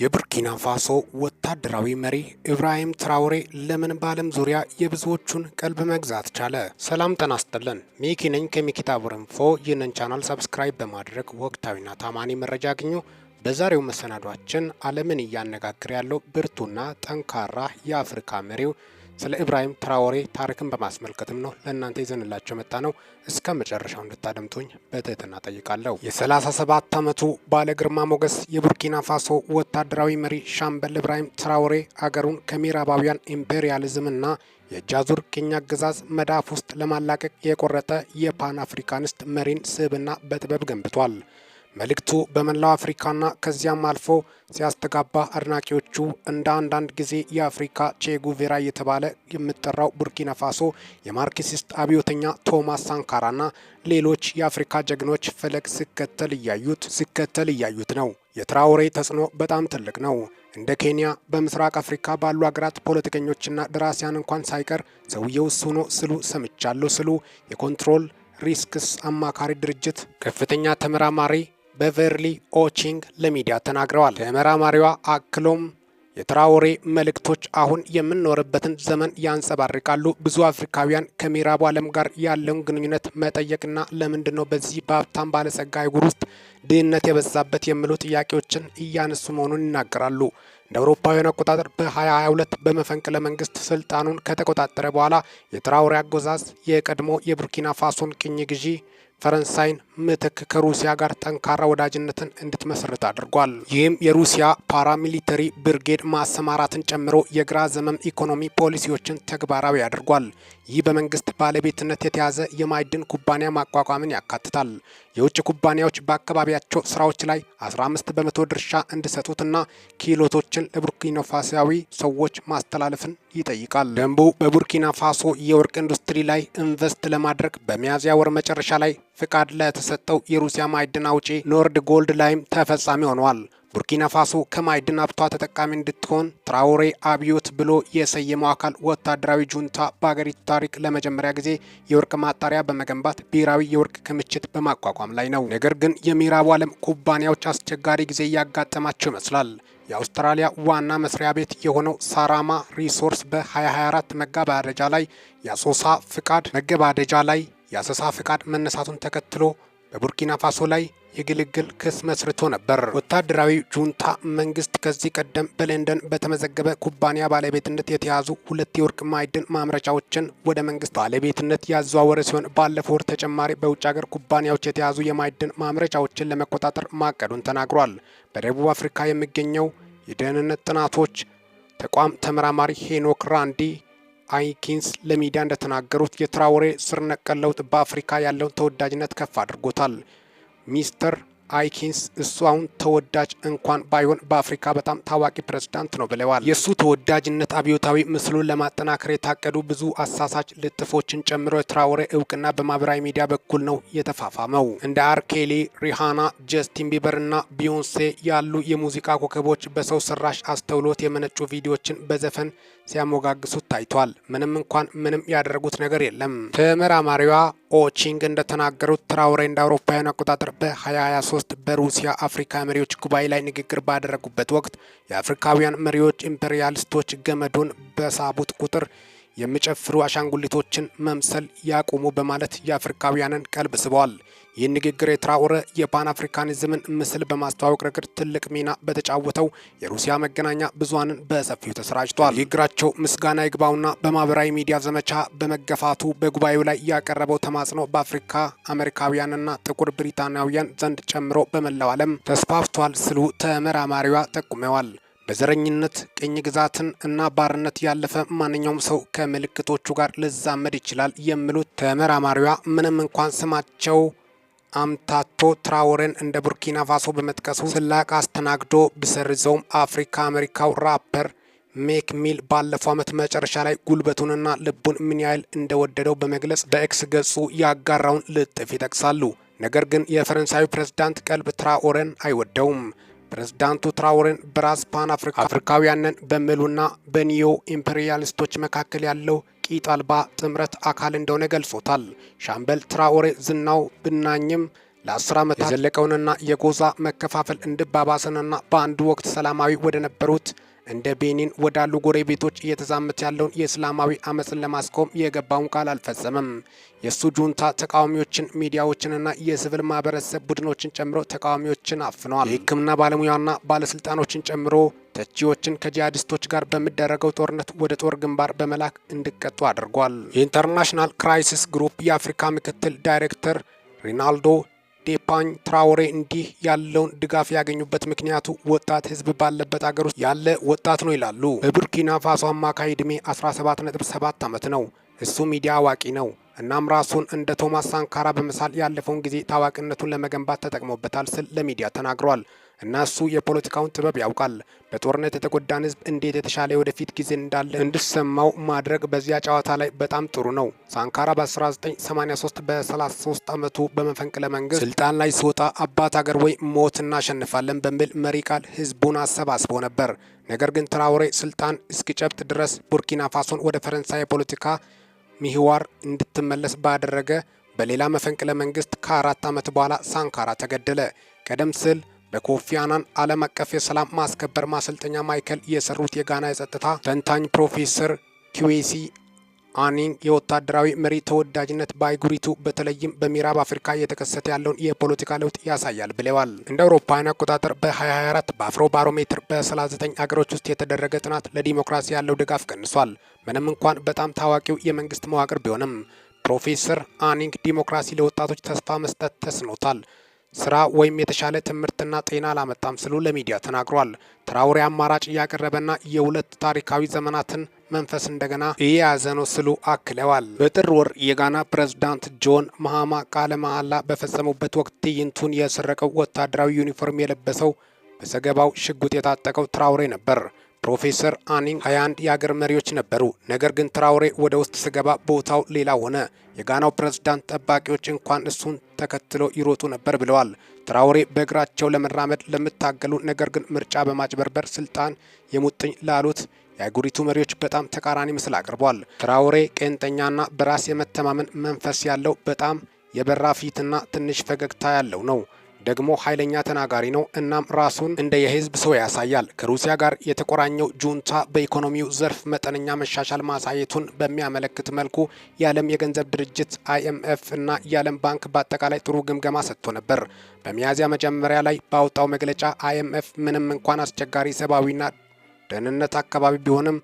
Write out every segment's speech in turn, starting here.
የቡርኪና ፋሶ ወታደራዊ መሪ ኢብራሂም ትራውሬ ለምን በዓለም ዙሪያ የብዙዎቹን ቀልብ መግዛት ቻለ? ሰላም ተናስጠለን ሚኪ ነኝ ከሚኪታ ቡርንፎ። ይህንን ቻናል ሰብስክራይብ በማድረግ ወቅታዊና ታማኒ መረጃ አግኙ። በዛሬው መሰናዷችን ዓለምን እያነጋገረ ያለው ብርቱና ጠንካራ የአፍሪካ መሪው ስለ ኢብራሂም ትራወሬ ታሪክን በማስመልከትም ነው ለእናንተ ይዘንላቸው መጣ ነው። እስከ መጨረሻው እንድታደምጡኝ በትህትና ጠይቃለሁ። የ37 ዓመቱ ባለ ግርማ ሞገስ የቡርኪና ፋሶ ወታደራዊ መሪ ሻምበል ኢብራሂም ትራዎሬ አገሩን ከምዕራባውያን ኢምፔሪያሊዝምና የጃዙር ቅኝ አገዛዝ መዳፍ ውስጥ ለማላቀቅ የቆረጠ የፓን አፍሪካንስት መሪን ስብዕና በጥበብ ገንብቷል። መልእክቱ በመላው አፍሪካና ከዚያም አልፎ ሲያስተጋባ አድናቂዎቹ እንደ አንዳንድ ጊዜ የአፍሪካ ቼጉቬራ እየተባለ የምጠራው ቡርኪና ፋሶ የማርክሲስት አብዮተኛ ቶማስ ሳንካራና ሌሎች የአፍሪካ ጀግኖች ፈለግ ሲከተል እያዩት ሲከተል እያዩት ነው። የትራውሬ ተጽዕኖ በጣም ትልቅ ነው። እንደ ኬንያ በምስራቅ አፍሪካ ባሉ አገራት ፖለቲከኞችና ደራሲያን እንኳን ሳይቀር ሰውየውስ ሆኖ ስሉ ሰምቻለሁ ስሉ የኮንትሮል ሪስክስ አማካሪ ድርጅት ከፍተኛ ተመራማሪ በቨርሊ ኦቺንግ ለሚዲያ ተናግረዋል። ተመራማሪዋ አክሎም የትራዎሬ መልእክቶች አሁን የምንኖርበትን ዘመን ያንጸባርቃሉ። ብዙ አፍሪካውያን ከምዕራቡ ዓለም ጋር ያለውን ግንኙነት መጠየቅና ለምንድን ነው በዚህ በሀብታም ባለጸጋ አህጉር ውስጥ ድህነት የበዛበት የሚሉ ጥያቄዎችን እያነሱ መሆኑን ይናገራሉ። እንደ አውሮፓውያን አቆጣጠር በ2022 በመፈንቅለ መንግስት ስልጣኑን ከተቆጣጠረ በኋላ የትራዎሬ አገዛዝ የቀድሞ የቡርኪና ፋሶን ቅኝ ግዢ ፈረንሳይን ምትክ ከሩሲያ ጋር ጠንካራ ወዳጅነትን እንድትመሰርት አድርጓል። ይህም የሩሲያ ፓራሚሊተሪ ብርጌድ ማሰማራትን ጨምሮ የግራ ዘመም ኢኮኖሚ ፖሊሲዎችን ተግባራዊ አድርጓል። ይህ በመንግስት ባለቤትነት የተያዘ የማዕድን ኩባንያ ማቋቋምን ያካትታል። የውጭ ኩባንያዎች በአካባቢያቸው ስራዎች ላይ 15 በመቶ ድርሻ እንዲሰጡትና ኪሎቶችን ለቡርኪና ሰዎች ማስተላለፍን ይጠይቃል። ደንቡ በቡርኪና ፋሶ የወርቅ ኢንዱስትሪ ላይ ኢንቨስት ለማድረግ በሚያዝያ ወር መጨረሻ ላይ ፍቃድ ለተሰጠው የሩሲያ ማዕድን አውጪ ኖርድ ጎልድ ላይም ተፈጻሚ ሆኗል። ቡርኪና ፋሶ ከማዕድን ሀብቷ ተጠቃሚ እንድትሆን ትራውሬ አብዮት ብሎ የሰየመው አካል ወታደራዊ ጁንታ በአገሪቱ ታሪክ ለመጀመሪያ ጊዜ የወርቅ ማጣሪያ በመገንባት ብሔራዊ የወርቅ ክምችት በማቋቋም ላይ ነው። ነገር ግን የምዕራቡ ዓለም ኩባንያዎች አስቸጋሪ ጊዜ እያጋጠማቸው ይመስላል። የአውስትራሊያ ዋና መስሪያ ቤት የሆነው ሳራማ ሪሶርስ በ2024 መጋባደጃ ላይ የአሶሳ ፍቃድ መገባደጃ ላይ የአሰሳ ፍቃድ መነሳቱን ተከትሎ በቡርኪና ፋሶ ላይ የግልግል ክስ መስርቶ ነበር። ወታደራዊ ጁንታ መንግስት ከዚህ ቀደም በለንደን በተመዘገበ ኩባንያ ባለቤትነት የተያዙ ሁለት የወርቅ ማዕድን ማምረቻዎችን ወደ መንግስት ባለቤትነት ያዘዋወረ ሲሆን ባለፈው ወር ተጨማሪ በውጭ ሀገር ኩባንያዎች የተያዙ የማዕድን ማምረቻዎችን ለመቆጣጠር ማቀዱን ተናግሯል። በደቡብ አፍሪካ የሚገኘው የደህንነት ጥናቶች ተቋም ተመራማሪ ሄኖክ ራንዲ አይኪንስ ለሚዲያ እንደተናገሩት የትራውሬ ስር ነቀል ለውጥ በአፍሪካ ያለውን ተወዳጅነት ከፍ አድርጎታል። ሚስተር አይኪንስ እሱ አሁን ተወዳጅ እንኳን ባይሆን በአፍሪካ በጣም ታዋቂ ፕሬዝዳንት ነው ብለዋል። የእሱ ተወዳጅነት አብዮታዊ ምስሉን ለማጠናከር የታቀዱ ብዙ አሳሳች ልጥፎችን ጨምሮ የትራውሬ እውቅና በማህበራዊ ሚዲያ በኩል ነው የተፋፋመው። እንደ አርኬሊ፣ ሪሃና፣ ጀስቲን ቢበር እና ቢዮንሴ ያሉ የሙዚቃ ኮከቦች በሰው ሰራሽ አስተውሎት የመነጩ ቪዲዮዎችን በዘፈን ሲያሞጋግሱት ታይቷል። ምንም እንኳን ምንም ያደረጉት ነገር የለም። ተመራማሪዋ ኦቺንግ እንደተናገሩት ትራውሬ እንደ አውሮፓውያን አቆጣጠር በ2023 2023 በሩሲያ አፍሪካ መሪዎች ጉባኤ ላይ ንግግር ባደረጉበት ወቅት የአፍሪካውያን መሪዎች ኢምፔሪያሊስቶች ገመዱን በሳቡት ቁጥር የሚጨፍሩ አሻንጉሊቶችን መምሰል ያቁሙ በማለት የአፍሪካውያንን ቀልብ ስበዋል። ይህ ንግግር የትራኦሬ የፓን አፍሪካኒዝምን ምስል በማስተዋወቅ ረገድ ትልቅ ሚና በተጫወተው የሩሲያ መገናኛ ብዙሃንን በሰፊው ተሰራጭቷል። ንግግራቸው ምስጋና ይግባውና በማህበራዊ ሚዲያ ዘመቻ በመገፋቱ በጉባኤው ላይ ያቀረበው ተማጽኖ በአፍሪካ አሜሪካውያንና ጥቁር ብሪታናውያን ዘንድ ጨምሮ በመላው ዓለም ተስፋፍቷል ስሉ ተመራማሪዋ ጠቁመዋል። በዘረኝነት ቅኝ ግዛትን እና ባርነት ያለፈ ማንኛውም ሰው ከምልክቶቹ ጋር ልዛመድ ይችላል የሚሉት ተመራማሪዋ ምንም እንኳን ስማቸው አምታቶ ትራወረን እንደ ቡርኪና ፋሶ በመጥቀሱ ስላቅ አስተናግዶ ቢሰርዘውም አፍሪካ አሜሪካው ራፐር ሜክ ሚል ባለፈው ዓመት መጨረሻ ላይ ጉልበቱንና ልቡን ምን ያህል እንደወደደው በመግለጽ በኤክስ ገጹ ያጋራውን ልጥፍ ይጠቅሳሉ። ነገር ግን የፈረንሳዩ ፕሬዝዳንት ቀልብ ትራኦረን አይወደውም። ፕሬዝዳንቱ ትራውሬን በራስ ፓን አፍሪካውያንን በሚሉና በኒዮ ኢምፔሪያሊስቶች መካከል ያለው ቂጥ አልባ ጥምረት አካል እንደሆነ ገልጾታል። ሻምበል ትራውሬ ዝናው ብናኝም ለአስር ዓመታት የዘለቀውንና የጎዛ መከፋፈል እንዲባባሰንና በአንድ ወቅት ሰላማዊ ወደ ነበሩት እንደ ቤኒን ወዳሉ ጎረቤቶች እየተዛመተ ያለውን የእስላማዊ አመፅን ለማስቆም የገባውን ቃል አልፈጸመም። የእሱ ጁንታ ተቃዋሚዎችን፣ ሚዲያዎችንና የሲቪል ማህበረሰብ ቡድኖችን ጨምሮ ተቃዋሚዎችን አፍኗል። የህክምና ባለሙያና ባለስልጣኖችን ጨምሮ ተቺዎችን ከጂሃዲስቶች ጋር በሚደረገው ጦርነት ወደ ጦር ግንባር በመላክ እንዲቀጡ አድርጓል። የኢንተርናሽናል ክራይሲስ ግሩፕ የአፍሪካ ምክትል ዳይሬክተር ሪናልዶ ዴፓኝ ትራውሬ እንዲህ ያለውን ድጋፍ ያገኙበት ምክንያቱ ወጣት ህዝብ ባለበት አገር ውስጥ ያለ ወጣት ነው ይላሉ። በቡርኪና ፋሶ አማካይ ዕድሜ 17.7 ዓመት ነው። እሱ ሚዲያ አዋቂ ነው። እናም ራሱን እንደ ቶማስ ሳንካራ በመሳል ያለፈውን ጊዜ ታዋቂነቱን ለመገንባት ተጠቅሞበታል ስል ለሚዲያ ተናግሯል። እና እሱ የፖለቲካውን ጥበብ ያውቃል። በጦርነት የተጎዳን ህዝብ እንዴት የተሻለ ወደፊት ጊዜ እንዳለ እንድሰማው ማድረግ በዚያ ጨዋታ ላይ በጣም ጥሩ ነው። ሳንካራ በ1983 በ33 ዓመቱ በመፈንቅለ መንግስት ስልጣን ላይ ሲወጣ አባት አገር ወይ ሞት እናሸንፋለን በሚል መሪ ቃል ህዝቡን አሰባስቦ ነበር። ነገር ግን ትራውሬ ስልጣን እስኪጨብጥ ድረስ ቡርኪና ፋሶን ወደ ፈረንሳይ የፖለቲካ ምህዋር እንድትመለስ ባደረገ በሌላ መፈንቅለ መንግስት ከአራት ዓመት በኋላ ሳንካራ ተገደለ። ቀደም ሲል በኮፊ አናን ዓለም አቀፍ የሰላም ማስከበር ማሰልጠኛ ማዕከል የሰሩት የጋና የጸጥታ ተንታኝ ፕሮፌሰር ኪዌሲ አኒንግ የወታደራዊ መሪ ተወዳጅነት በአህጉሪቱ በተለይም በምዕራብ አፍሪካ እየተከሰተ ያለውን የፖለቲካ ለውጥ ያሳያል ብለዋል። እንደ አውሮፓውያን አቆጣጠር በ2024 በአፍሮ ባሮሜትር በ39 አገሮች ውስጥ የተደረገ ጥናት ለዲሞክራሲ ያለው ድጋፍ ቀንሷል፣ ምንም እንኳን በጣም ታዋቂው የመንግስት መዋቅር ቢሆንም። ፕሮፌሰር አኒንግ ዲሞክራሲ ለወጣቶች ተስፋ መስጠት ተስኖታል ስራ ወይም የተሻለ ትምህርትና ጤና አላመጣም ስሉ ለሚዲያ ተናግሯል። ትራውሬ አማራጭ እያቀረበና የሁለት ታሪካዊ ዘመናትን መንፈስ እንደገና እየያዘ ነው ስሉ አክለዋል። በጥር ወር የጋና ፕሬዝዳንት ጆን መሃማ ቃለ መሐላ በፈጸሙበት ወቅት ትዕይንቱን የሰረቀው ወታደራዊ ዩኒፎርም የለበሰው በዘገባው ሽጉጥ የታጠቀው ትራውሬ ነበር። ፕሮፌሰር አኒን 21 የአገር መሪዎች ነበሩ። ነገር ግን ትራውሬ ወደ ውስጥ ስገባ ቦታው ሌላ ሆነ። የጋናው ፕሬዝዳንት ጠባቂዎች እንኳን እሱን ተከትለው ይሮጡ ነበር ብለዋል። ትራውሬ በእግራቸው ለመራመድ ለምታገሉ፣ ነገር ግን ምርጫ በማጭበርበር ስልጣን የሙጥኝ ላሉት የአገሪቱ መሪዎች በጣም ተቃራኒ ምስል አቅርቧል። ትራውሬ ቄንጠኛና በራስ የመተማመን መንፈስ ያለው በጣም የበራ ፊትና ትንሽ ፈገግታ ያለው ነው። ደግሞ ኃይለኛ ተናጋሪ ነው። እናም ራሱን እንደ የህዝብ ሰው ያሳያል። ከሩሲያ ጋር የተቆራኘው ጁንታ በኢኮኖሚው ዘርፍ መጠነኛ መሻሻል ማሳየቱን በሚያመለክት መልኩ የዓለም የገንዘብ ድርጅት አይኤምኤፍ እና የዓለም ባንክ በአጠቃላይ ጥሩ ግምገማ ሰጥቶ ነበር። በሚያዝያ መጀመሪያ ላይ ባወጣው መግለጫ አይኤምኤፍ ምንም እንኳን አስቸጋሪ ሰብአዊና ደህንነት አካባቢ ቢሆንም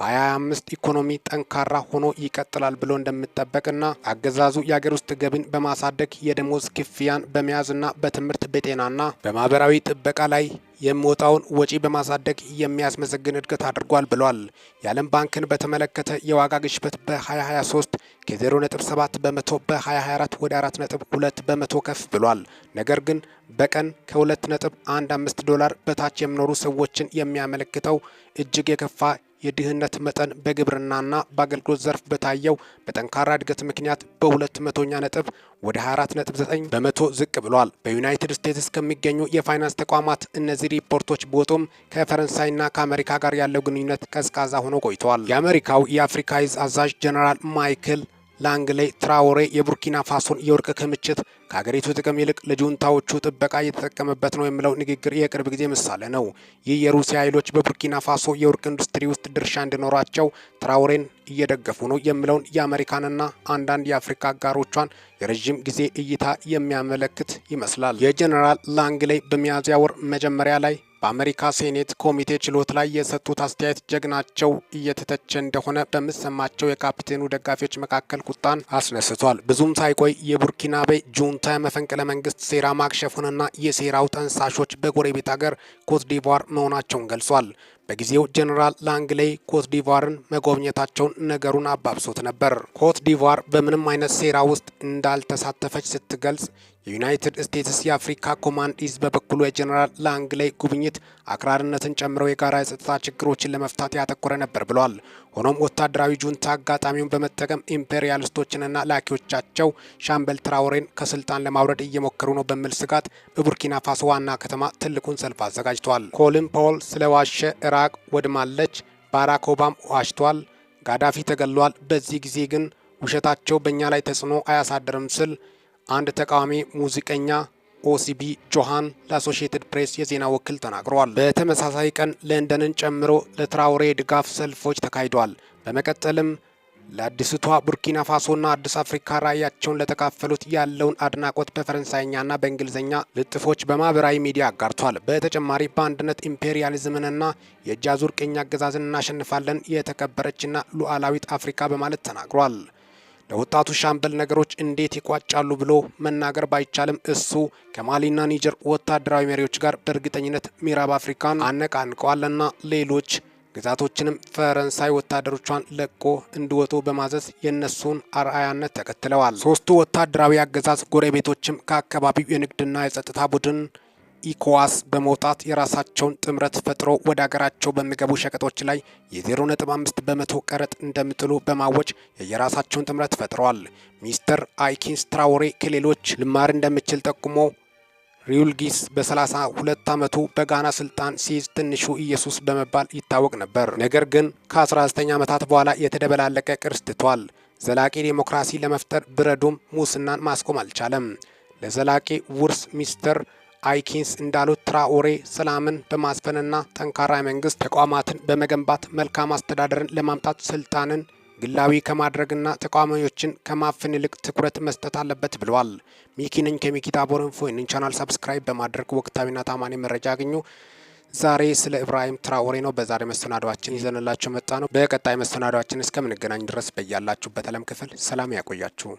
በ25 ኢኮኖሚ ጠንካራ ሆኖ ይቀጥላል ብሎ እንደሚጠበቅና አገዛዙ የአገር ውስጥ ገቢን በማሳደግ የደሞዝ ክፍያን በመያዝና በትምህርት በጤናና በማህበራዊ ጥበቃ ላይ የሚወጣውን ወጪ በማሳደግ የሚያስመዘግን እድገት አድርጓል ብሏል። የዓለም ባንክን በተመለከተ የዋጋ ግሽበት በ2023 ከ0.7 በመቶ በ2024 ወደ 4.2 በመቶ ከፍ ብሏል። ነገር ግን በቀን ከ2.15 ዶላር በታች የሚኖሩ ሰዎችን የሚያመለክተው እጅግ የከፋ የድህነት መጠን በግብርናና በአገልግሎት ዘርፍ በታየው በጠንካራ እድገት ምክንያት በሁለት መቶኛ ነጥብ ወደ 24.9 በመቶ ዝቅ ብሏል። በዩናይትድ ስቴትስ ከሚገኙ የፋይናንስ ተቋማት እነዚህ ሪፖርቶች ቢወጡም ከፈረንሳይና ከአሜሪካ ጋር ያለው ግንኙነት ቀዝቃዛ ሆኖ ቆይተዋል። የአሜሪካው የአፍሪካ ዕዝ አዛዥ ጀነራል ማይክል ላንግሌ ትራውሬ የቡርኪና ፋሶን የወርቅ ክምችት ከሀገሪቱ ጥቅም ይልቅ ለጁንታዎቹ ጥበቃ እየተጠቀመበት ነው የሚለው ንግግር የቅርብ ጊዜ ምሳሌ ነው። ይህ የሩሲያ ኃይሎች በቡርኪና ፋሶ የወርቅ ኢንዱስትሪ ውስጥ ድርሻ እንዲኖራቸው ትራውሬን እየደገፉ ነው የሚለውን የአሜሪካንና አንዳንድ የአፍሪካ አጋሮቿን የረዥም ጊዜ እይታ የሚያመለክት ይመስላል። የጀኔራል ላንግሌ በሚያዝያ ወር መጀመሪያ ላይ በአሜሪካ ሴኔት ኮሚቴ ችሎት ላይ የሰጡት አስተያየት ጀግናቸው እየተተቸ እንደሆነ በምሰማቸው የካፒቴኑ ደጋፊዎች መካከል ቁጣን አስነስቷል። ብዙም ሳይቆይ የቡርኪናቤ ጁንታ የመፈንቅለ መንግስት ሴራ ማክሸፉንና የሴራው ጠንሳሾች በጎረቤት ሀገር ኮትዲቯር መሆናቸውን ገልጿል። በጊዜው ጀኔራል ላንግሌይ ኮት ዲቫርን መጎብኘታቸውን ነገሩን አባብሶት ነበር። ኮት ዲቫር በምንም አይነት ሴራ ውስጥ እንዳልተሳተፈች ስትገልጽ፣ የዩናይትድ ስቴትስ የአፍሪካ ኮማንድ ኢዝ በበኩሉ የጀኔራል ላንግሌይ ጉብኝት አክራርነትን ጨምሮ የጋራ የጸጥታ ችግሮችን ለመፍታት ያተኮረ ነበር ብሏል። ሆኖም ወታደራዊ ጁንታ አጋጣሚውን በመጠቀም ኢምፔሪያሊስቶችንና ላኪዎቻቸው ሻምበል ትራውሬን ከስልጣን ለማውረድ እየሞከሩ ነው በሚል ስጋት በቡርኪና ፋሶ ዋና ከተማ ትልቁን ሰልፍ አዘጋጅቷል። ኮሊን ፖል ስለዋሸ ኢራቅ ወድማለች፣ ባራክ ኦባም ዋሽቷል፣ ጋዳፊ ተገሏል። በዚህ ጊዜ ግን ውሸታቸው በእኛ ላይ ተጽዕኖ አያሳድርም ስል አንድ ተቃዋሚ ሙዚቀኛ ኦሲቢ ጆሃን ለአሶሺየትድ ፕሬስ የዜና ወኪል ተናግረዋል። በተመሳሳይ ቀን ለንደንን ጨምሮ ለትራውሬ ድጋፍ ሰልፎች ተካሂደዋል። በመቀጠልም ለአዲስቷ ቡርኪና ፋሶና አዲስ አፍሪካ ራዕያቸውን ለተካፈሉት ያለውን አድናቆት በፈረንሳይኛና በእንግሊዝኛ ልጥፎች በማህበራዊ ሚዲያ አጋርቷል። በተጨማሪ በአንድነት ኢምፔሪያሊዝምንና የጃዙር ቅኝ አገዛዝን እናሸንፋለን የተከበረችና ሉዓላዊት አፍሪካ በማለት ተናግሯል። ለወጣቱ ሻምበል ነገሮች እንዴት ይቋጫሉ ብሎ መናገር ባይቻልም እሱ ከማሊና ኒጀር ወታደራዊ መሪዎች ጋር በእርግጠኝነት ምዕራብ አፍሪካን አነቃንቀዋልና ሌሎች ግዛቶችንም ፈረንሳይ ወታደሮቿን ለቆ እንዲወጡ በማዘዝ የእነሱን አርአያነት ተከትለዋል። ሶስቱ ወታደራዊ አገዛዝ ጎረቤቶችም ከአካባቢው የንግድና የጸጥታ ቡድን ኢኮዋስ በመውጣት የራሳቸውን ጥምረት ፈጥሮ ወደ አገራቸው በሚገቡ ሸቀጦች ላይ የ0.5 በመቶ ቀረጥ እንደሚጥሉ በማወጅ የየራሳቸውን ጥምረት ፈጥረዋል። ሚስተር አይኪንስ ትራውሬ ከሌሎች ልማር እንደሚችል ጠቁሞ ሪዩልጊስ በ32 ዓመቱ በጋና ስልጣን ሲይዝ ትንሹ ኢየሱስ በመባል ይታወቅ ነበር። ነገር ግን ከ19 ዓመታት በኋላ የተደበላለቀ ቅርስ ትቷል። ዘላቂ ዴሞክራሲ ለመፍጠር ብረዱም ሙስናን ማስቆም አልቻለም። ለዘላቂ ውርስ ሚስተር አይኪንስ እንዳሉት ትራኦሬ ሰላምን በማስፈንና ጠንካራ መንግስት ተቋማትን በመገንባት መልካም አስተዳደርን ለማምጣት ስልጣንን ግላዊ ከማድረግና ተቃዋሚዎችን ከማፈን ይልቅ ትኩረት መስጠት አለበት ብለዋል። ሚኪ ነኝ ታቦር ቦረንፎ። ይህንን ቻናል ሰብስክራይብ በማድረግ ወቅታዊና ታማኒ መረጃ ያገኙ። ዛሬ ስለ ኢብራሂም ትራኦሬ ነው በዛሬ መሰናዷችን ይዘንላችሁ መጣ ነው። በቀጣይ መሰናዷችን እስከምንገናኝ ድረስ በያላችሁበት ዓለም ክፍል ሰላም ያቆያችሁ።